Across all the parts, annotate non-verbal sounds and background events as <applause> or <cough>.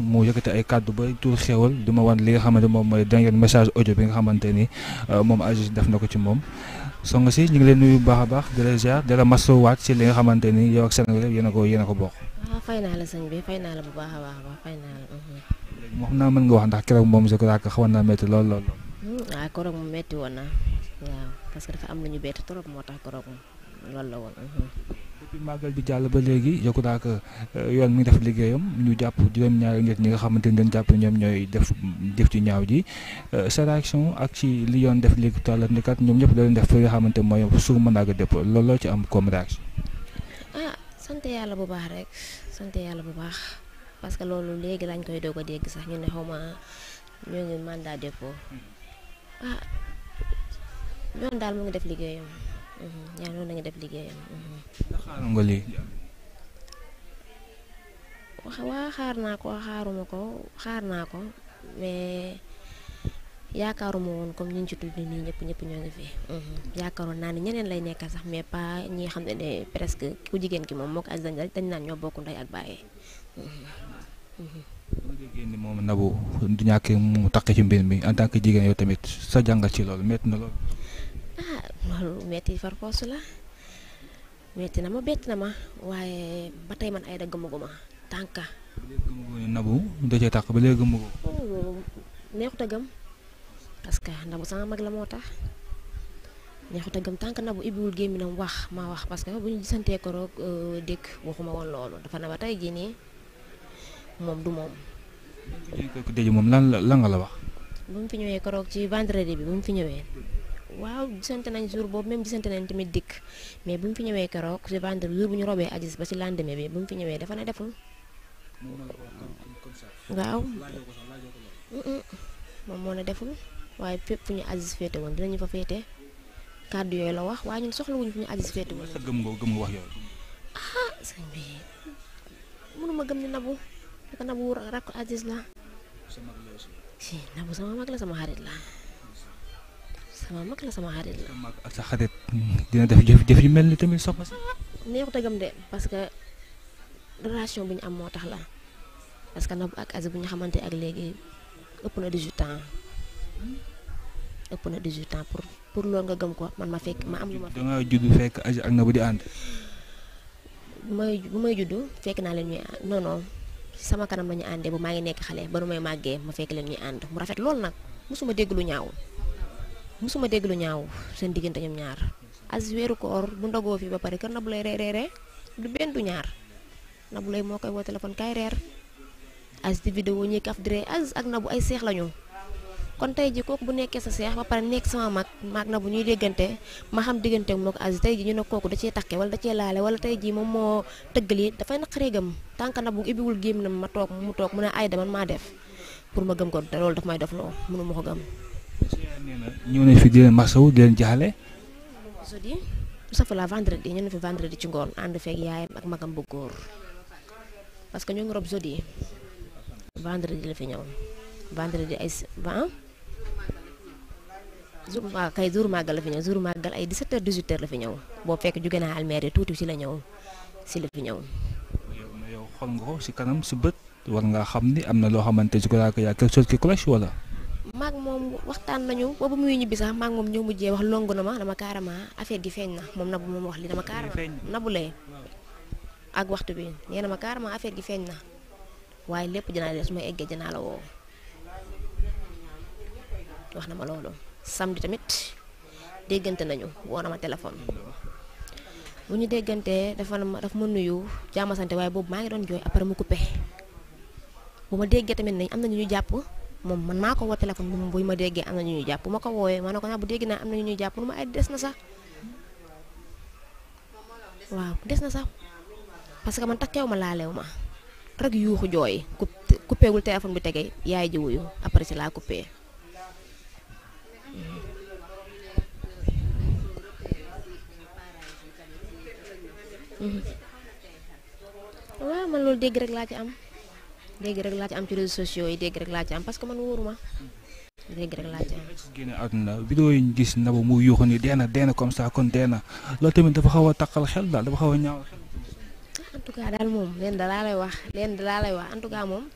mu yëkkati ay kàddu ba tuur xéwal di ma wan li nga xamante moom mooy dernier message audio bi nga xamante ni euh, moom Aziz def na ko ci moom Soxna si ñu ngi leen nuyu bu baax a baax di la ziar di la masawaat li nga xamante ni yow ak Sénégal yéen a ko yéen a ko bokk. waaw ah, fay naa la sëñ bi fay naa la a baax fay naa la. moom xam naa mën nga wax ndax keroog moom je crois que xawoon naa métti lool lool. Hmm, moo tax keroog moom loolu depuis màggal di jàll ba léegi yokku daak euh, yoon mi ngi def liggéeyam ñu jàpp juróom-ñaari nit ñi nga xamante ni dañ jàpp ñoom ñooy def def ci ñaaw ji euh, sa réaction ak ci li yoon def léegi toll ni kat ñoom ñëpp da leen def fi nga mooy suuf mën naa ko dépôt looloo ci am comme ah, sant yàlla bu baax rek sant yàlla loolu léegi lañ koy doog a dégg ma ñoo ngi mandat dépôt hmm. ah daal mu ngi def liggéeyam. Mm-hmm. yaa noonu la nga def liggéeyam. Mm-hmm. xaaru naa ko xaaruma ko xaar naa ko mais yaakaaruma woon comme ñu ci tudd nii ñëpp ñëpp ñoo ngi mm-hmm. naa ne ñeneen lay nekkal sax mais pas ñi xam ne presque ku jigéen ki moom moo ko as dañ dañ naan ñoo bokk ndey ak bàyyi. bu déggee ni moom Nabou du ñàkk mu takk ci mbir mi en tant jigéen yow tamit sa jàngat ci loolu métti na loolu. loolu metti far poosu la metti na ma bett na ma waaye ba tey man ay da gëmaguma tànka nabu da cee tàq ba léegi gëmagoo oh, neexut a gëm parce que ndabu sama mag la moo tax neexut gëm tànk nabu ibbiwul gémminam wax ma wax parce que bu ñu gisantee ko roog euh, dëkk waxuma woon loolu dafa na ba tey jii moom du moom bu mu fi ñëwee ko moom lan la nga la wax bu mu fi ñëwee ko roog ci vendredi bi bu mu fi ñëwee waaw gisante nañ jour boobu même gisante nañ tamit dikk mais bu mu fi ñëwee keroog je vendre jour bu ñu robee Aziz ba si lendemain bi bu mu fi ñëwee dafa ne deful. waaw. moom moo ne deful waaye fépp fu ñu Aziz féete woon dinañu fa féete kàddu yooyu la wax waaye ñun soxlawuñu fu ñu Aziz féete woon. gëm nga gëm nga wax yooyu. ah sëñ bi mënuma ni nabu naka nabu rakk Aziz la. si nabu sama mag la sama xarit la. sama mag la sama xarit sa xarit dina def jëf jëf mel ni tamit soxna si. neexut a gëm de parce que relation bu ñu am moo tax la parce que Nabou ak Aziz bu ñu xamante ak léegi ëpp na 18 ans ëpp na 18 ans pour pour loolu gëm ko man ma fekk ma am lu ma. da ngaa judd fekk Aziz ak Nabou di ànd. bu may juddu fekk naa leen ñuy non non sama kanam la ñu àndee bu maa ngi nekk xale ba nu may màggee ma fekk leen ñuy ànd mu rafet lool nag mosuma dégg lu ñaaw. musuma dégg lu ñaaw seen diggante ñoom ñaar Aziz weeru koor bu ndogoo fi ba pare kër Nabou Leye reeree du benn du ñaar Nabou Leye moo koy woo téléphone kaay reer Aziz di ñuy kaf di ree Aziz ak Nabou ay seex lañu kon tey ji kooku bu nekkee sa seex ba pare nekk sama mag maag Nabou ñuy déggante ma xam diggante moo ko Aziz tey ji ñu ne kooku da cee takke wala da cee laale wala tey ji moom moo tëgg yi dafay naqaree gëm tànk bu ibbiwul géem na ma toog mu toog mu ne ay dama maa def pour ma gëm ko loolu daf may def loo mënu ma ko gëm ñëw nañ fi di leen masawu di leen jaxale. jeudi safa la vendredi ñu ne fi vendredi ci ngoon ànd feeg yaayam ak magam bu góor parce que ñoo ngi rob jeudi vendredi la fi ñëw vendredi ay ba ah? jour waaw ah, kay la fi ñëw jour màggal ay 17 heures 18 ñëw boo fekk jóge naa almeer tuuti ci la ñëw si la fi ñëw. yow xool nga ko si kanam si bët war ngaa xam ni am na loo xamante ne su ko yaa quelque chose qui cloche wala. maag moom waxtaan nañu ba ba muy ñibbi sax maag moom ñoo mujjee wax longu na ma dama carrément affaire gi feeñ na moom nabu moom wax li dama carrément nabu lay ak waxtu bi nee na ma carrément affaire gi feeñ na waaye lépp dinaa leen su ma na ma loolu samedi tamit déggante nañu ma téléphone bu ñu déggantee dafa ma dafa ma nuyu jaamasante waaye boobu maa ngi doon jooy après mu coupé bu ma déggee tamit nañ am na ñu jàpp. moom man maa ko woo téléphone bu buy ma déggee am na ñu ñuy jàpp bu ma ko woowee ma ne ko naa bu dégg naa am na ñu ñuy jàpp mu ma ay des na sax waaw des na sax parce que man takkeew ma laaleew ma rek yuuxu jooy ku kuppeegul téléphone bi tege yaay ji wuyu après ci laa coupé. Mhm. Mhm. waaw man loolu dégg rek laa ci am. dégg rek laa ci am ci réseaux sociaux yi dégg rek laa ci am parce que man wóoruma dégg rek laa ci am. génne àdduna vidéo yi ñu gis Nabou mu yuuxu ni dee na dee na comme ça kon dee na loolu tamit dafa xaw a xel daal dafa xaw a ñaaw xel. en daal moom leen da laa lay wax leen da lay wax en tout moom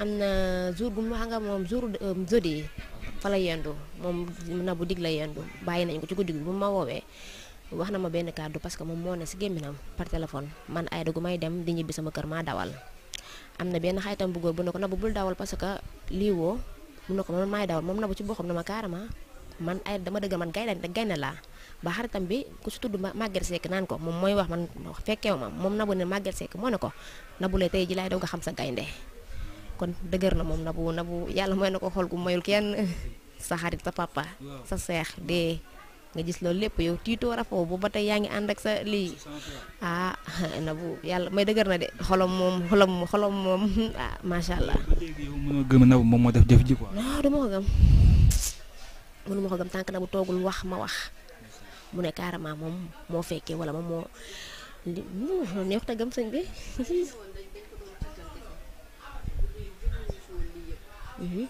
am na jour bu mu wax nga moom jour euh, jeudi fa la yendu moom Nabou dig la yendu bàyyi nañ ko ci guddi gi bu ma woowee. wax na ma benn kàddu parce que moom moo ne si gémminam par téléphone man ay dem di ñibbi sama kër maa dawal am na benn xaytam bu góor bu ne ko nabu bul dawal parce que lii woo na ko man maay dawal moom nabu ci boppam ne ma carrément man ay dama dëggal man gaynde gaynde laa ba xaritam bi ku si tudd Maguette Seck naan ko moom mooy wax man fekkeew ma moom nabu ne Maguette Seck moo ne ko nabu la tey ji laay doog a xam sa gaynde kon dëgër na moom nabu nabu yàlla mooy na ko xool gu mayul kenn <laughs> sa xarit sa papa sa seex dee nga gis loolu lépp yow tiitoo rafoo bu ba tey yaa ngi ànd ak sa lii ah <laughs> na bu yàlla may dëgër na de xolom moom xolom xolom moom <laughs> ah macha allah. yow mënoo gëm na bu moom moo def jëf ji quoi. non du bu toogul wax ma wax mu ne carrément moom moo fekkee wala moom moo li gëm sëñ bi. <laughs> Mhm.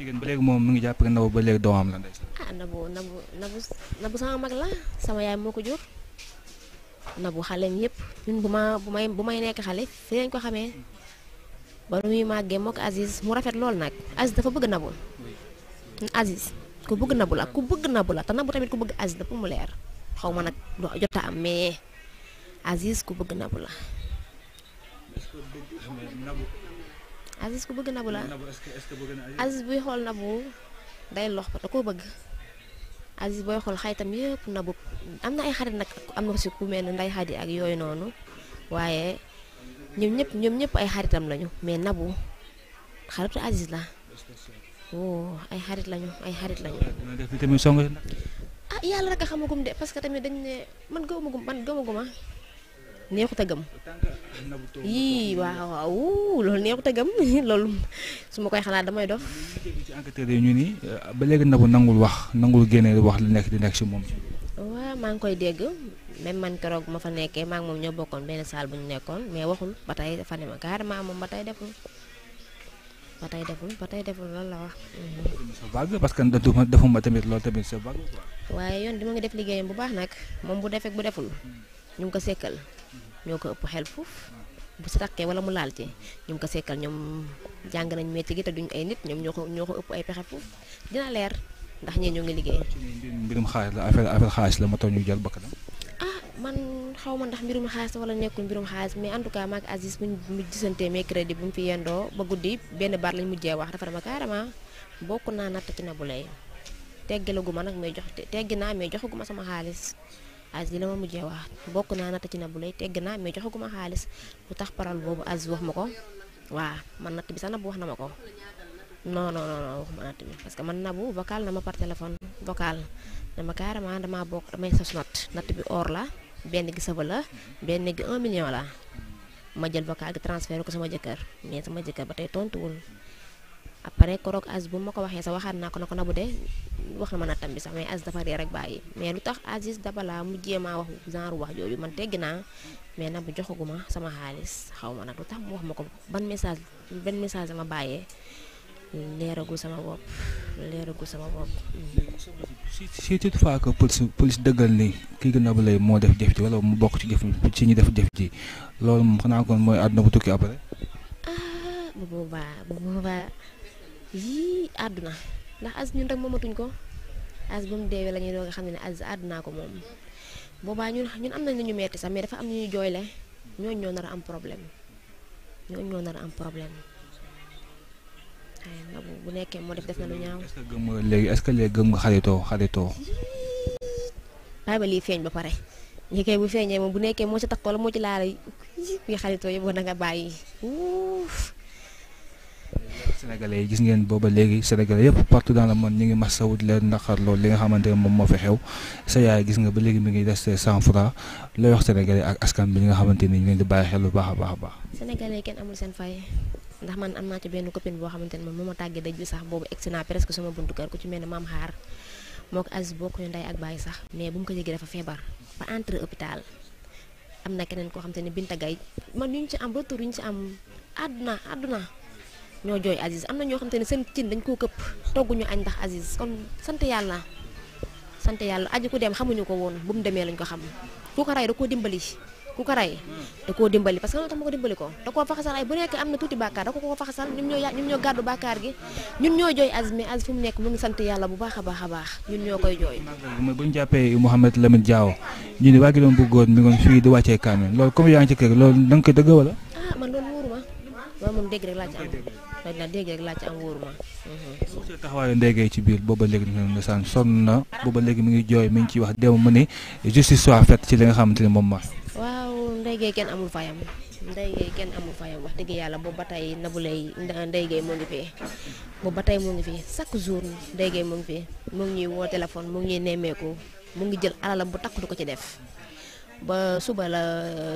jigéen ba léegi moom mu ngi jàpp Nabou ba léegi doomam la ndeysaan. ah Nabou Nabou na Nabou sama mag la sama yaay moo ko jur Nabou xaleem yëpp ñun bu ma bu may bu may nekk xale fi lañ ko xamee ba muy màggee mook mu rafet loolu nag Aziz dafa bëgg Nabou Aziz ku bëgg Nabou la ku bëgg Nabou la te Nabou tamit ku bëgg Aziz la pour mu leer xaw ma nag jot a am mais Aziz ku bëgg Nabou la. Aziz ku bëgg Nabou la Aziz buy xool Nabou day lox ba da koo bëgg Aziz booy xool xaytam yëpp Nabou am na ay xarit nag am na si ku mel ne Ndeye yi ak yooyu noonu waaye ñoom ñëpp ñoom ñëpp ay xaritam lañu mais nabu xaritu Aziz la woo ay xarit lañu ay xarit lañu. ah yàlla rek a xamagum de parce que tamit dañ ne man gëmagum man gëmaguma neexut a gëm yii waaw waaw loolu neexut a gëm <laughs> loolu su ma koy xalaat damay dof. ci enquêteurs yi ñu ni euh, ba léegi Nabou nangul wax nangul génne wax li nekk di nekk si moom. waaw maa ngi koy dégg même man keroog ma fa nekkee maa ngi moom ñoo bokkoon benn saal bu ñu nekkoon mais waxul ba tey dafa ne ma moom ba tey deful. ba tey deful tey deful loolu la wax. sa vague parce que defuma tamit loolu tamit sa vague. waaye yoon dima ngi def liggéeyam bu baax nag moom bu defee bu deful. Hmm. ñu ngi ko sekkal ñoo ko ëpp xel foofu bu si takkee wala mu laal ci ñu ngi ko sekkal ñoom jàng nañ metti gi te duñ ay nit ñoom ñoo ko ñoo ko ëpp ay pexe fuf dina leer ndax ñee ñoo ngi liggéey. mbirum xaalis la affaire affaire xaalis la ma tax ñu jël bakkanam. Ah, man xaw ma ndax mbirum xaalis wala nekkul mbirum xaalis mais en tout cas maag Aziz bu ñu gisantee mercredi bu mu fi yendoo ba guddi benn baat lañ mujjee wax dafa dama carrément bokk naa natt ci na bu lay ma nag may jox teggi naa mais joxaguma sama xaalis. as li la ma mujjee wax bokk naa natt ci na bu lay tegg naa mais joxaguma xaalis lu tax paral boobu as wax ma ko waa man natt bi sax na wax na ma ko non non non wax ma natt bi parce que man na bu vocal na ma par téléphone vocal dama carrément damaa bokk damay sos natt natt bi or la benn gi saba la benn gi 1 million la ma jël vocal gi transféré ko sama jëkkër mais sama jëkkër ba tey tontuwul. après koroog as bu ma ko waxee sax waxaat naa ko na ko nabu de wax na ma nattam bi sax mais as dafa réer rek bàyyi mais lu tax Aziz Dabala mu jéemaa wax genre wax jooju man tegg naa mais nabu joxaguma sama xaalis xaw ma nag lu tax mu wax ma ko ban message benn message dama bàyyee leeragu sama bopp leeragu sama bopp. si si toutefois que police police dëggal li kii gën nabu lay moo def jëf ji wala mu bokk ci jëf ci ñi def jëf ji loolu moom xanaa kon mooy àdduna bu tukki après. ah bu bu boobaa. yii àdduna ndax as ñun rek moomatuñ ko as ba mu deewee la ñuy doog xam ne ne as àddunaa ko moom boobaa ñun ñun am nañ la ñu metti sax mais dafa am ñu ñu jooyle ñooñ ñoo nar am problème ñooñ ñoo nar am problème waaye ndax bu nekkee moo def def na lu ñaaw. est-ce que gëm nga léegi est-ce que léegi gëm xaritoo xaritoo. bàyyi ba lii feeñ ba pare ñi bu feeñee moom bu nekkee moo ci takkoo la moo ci laal yi xaritoo yëpp na nga bàyyi wuuf. sénégalais yi gis ngeen booba léegi sénégalais yëpp partout dans le ñu ngi masawu di leen naqar loolu li nga xamante ne moom moo fi xew sa yaay gis nga ba léegi mi ngi resté cent franc lay wax sénégalais ak askan bi ñi nga xamante ni leen di bàyyi baax baax baax sénégalais kenn amul seen fay ndax man am naa ci benn copine boo xamante ne moom moo ma tàggee daj bi sax boobu egsi naa presque sama buntu kër ku ci mel ne maam xaar moo ko Aziz bokk ñu ndey ak bàyyi sax mais bu mu ko yëgee dafa feebar ba koo xam te ne Binta ñoo jooy Aziz am na ñoo xamante ne seen cin dañ koo këpp togguñu añ ndax Aziz kon sant yàlla sant yàlla aji ku dem xamuñu ko woon bu mu demee lañ ko xam ku ko rey da koo dimbali ku ko rey da koo dimbali parce que loolu tax ma ko dimbali ko da koo faxasal ay bu nekk am na tuuti bàkkaar da ko ko faxasal ñun ñoo ñun ñoo gàddu jooy Aziz mais Aziz fu mu nekk mu ngi sant yàlla bu baax a baax a baax ñun ñoo koy jooy mooy bu ñu jàppee Mouhamed Lamine Diaw ñu ni waa gi doon bu góor mi ngoon loolu comme da nga koy dëgg loolu moom dégg rek laa ci am loolu daal dégg rek laa ci am ci biir booba léegi ñu ngi leen sonn na booba léegi mi ngi jooy mi ngi ciy wax démb mu ne justice soit faite ci li nga xamante ne moom ma waaw ndéggee kenn amul fayam ndéggee kenn amul fayam wax dëgg yàlla boobu ba tey Nabou Leye ndéggee moo ngi fi boobu ba tey moo ngi fi chaque jour ndéggee moo ngi fi mu ngi ñuy woo téléphone mu ngi ñuy nemmeeku mu ngi jël alalam bu takk du ko ci def. ba suba la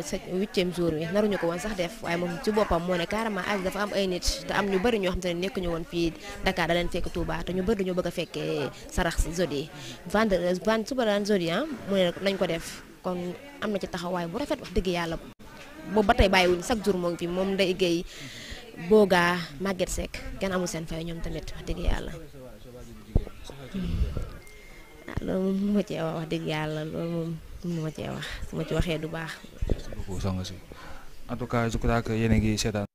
sa huitième jour bi naruñu ko woon sax def waaye moom ci boppam moo ne carrément ag dafa am ay nit te am ñu bëri ñoo xam te nekk ñu woon fii Dakar da leen fekk Touba te ñu bëri dañoo bëgg a fekkee sarax jeudi vendredi vend suba daan jeudi ah nañ ko def kon am na ci taxawaay bu rafet wax dëgg yàlla boobu ba tey bàyyiwuñ chaque jour moo ngi fi moom Ndeye Guèye Boga Maguette Seck kenn amul seen fay ñoom tamit wax dëgg yàlla. Hmm. Ah, loolu moom yàlla loolu moom. mu ma cee wax ma ci waxee du baax. merci beaucoup soxna si en tout cas je crois a ngi seetaan